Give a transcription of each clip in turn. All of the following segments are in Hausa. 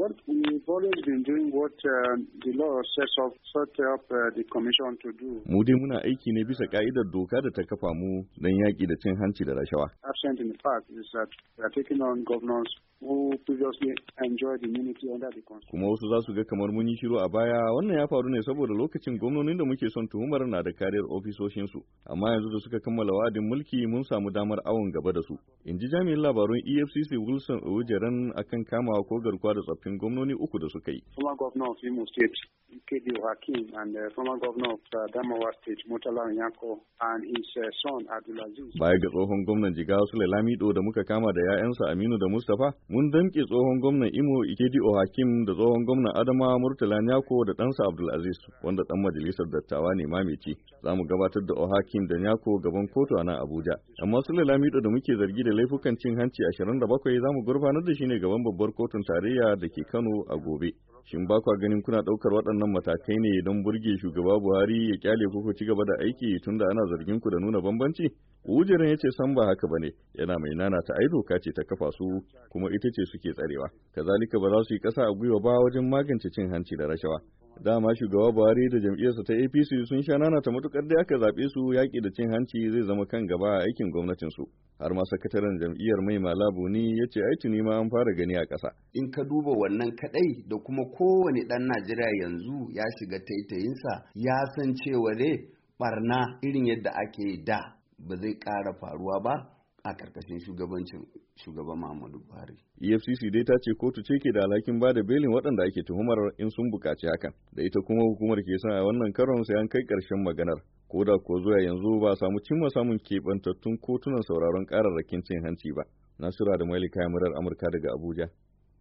what we've always been doing what uh, the law sets up, set up uh, the commission to do. Mu dai muna aiki ne bisa ka'idar doka da ta kafa mu don yaƙi da cin hanci da rashawa. Absent in the fact is that we are taking on governors who previously enjoyed immunity under the constitution. Kuma wasu za su ga kamar mun yi shiru a baya wannan ya faru ne saboda lokacin gwamnonin da muke son tuhumar na da kariyar ofisoshinsu. Amma yanzu da suka kammala wa'adin mulki mun samu damar awon gaba da su. In ji jami'in labarun EFCC Wilson Ojeren akan kamawa ko garkuwa da tsaffin cikin gwamnoni uku da suka yi. Former governor of Imo State, Hakim, and uh, former governor of uh, Damawa State, Murtala Nyako, and his uh, son Abdulaziz. Baya ga tsohon gwamnan Jigawa Sule Lamido da muka kama da 'ya'yansa Aminu da Mustapha, mun damƙe tsohon gwamnan Imo Ikedi Hakim da tsohon gwamnan Adama Murtala Nyako da ɗansa Abdulaziz, wanda ɗan majalisar dattawa ne mameci. Za mu gabatar da Hakim da Nyako gaban kotu a nan Abuja. Amma Sule Lamido da muke zargi da laifukan cin hanci 27 za mu gurfanar da shi ne gaban babbar kotun tarayya da ke ke Kano a gobe. Shin ba kwa ganin kuna ɗaukar waɗannan matakai ne don burge shugaba Buhari ya kyale ko ku ci gaba da aiki tun da ana zargin ku da nuna bambanci? Ujirin ya ce san ba haka bane yana mai nana ta ai doka ce ta kafa su kuma ita ce suke tsarewa. Kazalika ba za su yi ƙasa a gwiwa ba wajen magance cin hanci da rashawa. dama shugaba buhari da jam'iyyarsa ta apc sun sha ta matukar da aka zaɓe su yaƙi da cin hanci zai zama kan gaba a aikin gwamnatinsu har ma sakataren jam'iyyar mai malabu ni ya ce aiki ne ma an fara gani a ƙasa in ka duba wannan kaɗai da kuma kowane ɗan najeriya yanzu ya shiga taitayinsa ya san cewa dai barna irin yadda ake da ba zai ƙara faruwa ba a ƙarƙashin shugabancin shugaban Muhammadu Buhari. EFCC dai ta ce kotu ce ke da alhakin ba da belin waɗanda ake tuhumar in sun buƙaci hakan. Da ita kuma hukumar ke son a wannan karon sai an kai ƙarshen maganar. Ko da ko zuwa yanzu ba samu cimma samun keɓantattun kotunan sauraron ƙararrakin cin hanci ba. nasira da Malika Yamurar Amurka daga Abuja.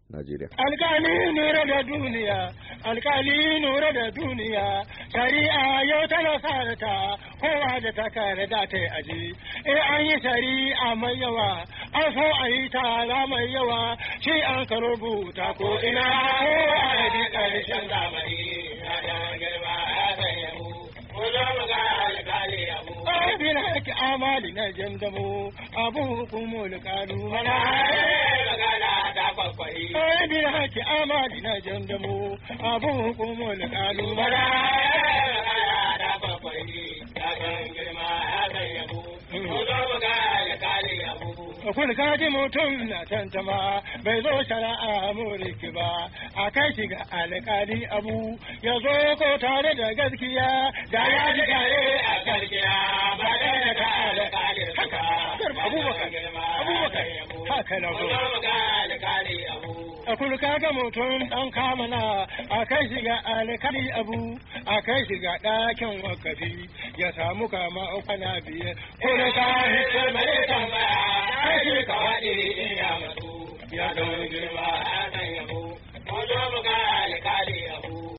Najeriya. Alkali nura da duniya, alkali nura da duniya, shari'a yau tana sa kowa da ta kare da ta yi aji in an yi shari'a mai yawa an so a yi tara mai yawa shi an ka rubuta ko ina ko a yi karshen zamani ya girma ya sayyamu ko za mu ga alƙali abu ƙarfin haƙi amali na jamdamu abu hukumu alƙalu mana magana ta kwakwai ƙarfin haƙi amali na jamdamu abu hukumu alƙalu mana kun gaji mutum na tantama bai zo shara'a muriki ba a kai shi ga alƙali abu ya zo ko tare da gaskiya da ya ji gare a gaskiya ba da ya Ka alƙali haka abubakar abubakar haka na zo a kulka ga mutum ɗan kamana a kai shi ga alƙali abu a kai shi ga ɗakin wakafi ya samu kama kwana biyar kulka hitar mai tambaya 开始搞啊！弟弟。